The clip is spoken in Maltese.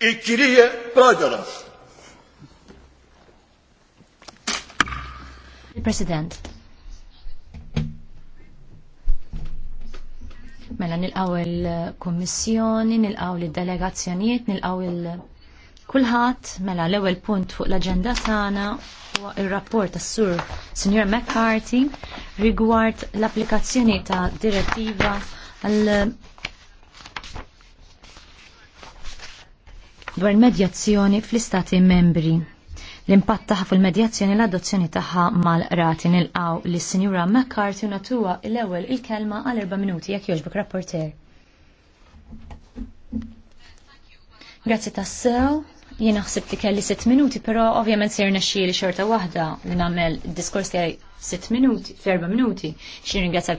Il-kirije Prodoros. Il-President. Mela nilqaw il-Kommissjoni, nilqaw il-Delegazzjonijiet, nilqaw il-Kulħat, mela l-ewel punt fuq l-agenda tana huwa il rapport tas-Sur Sr. McCarthy rigward l-applikazzjoni ta' direttiva għal dwar medjazzjoni fl-istati membri. L-impatt tagħha fil-medjazzjoni l-adozzjoni tagħha mal-rati nilqgħu li sinjura McCarthy natuwa l-ewwel il-kelma għal erba' minuti jekk jogħġbok rapporter. Grazzi tassew. Jien naħseb li kelli 6 minuti, però ovvjament sir nexxieli xorta waħda li nagħmel diskors tiegħi 6 minuti, 4 minuti. Xi ringrazzja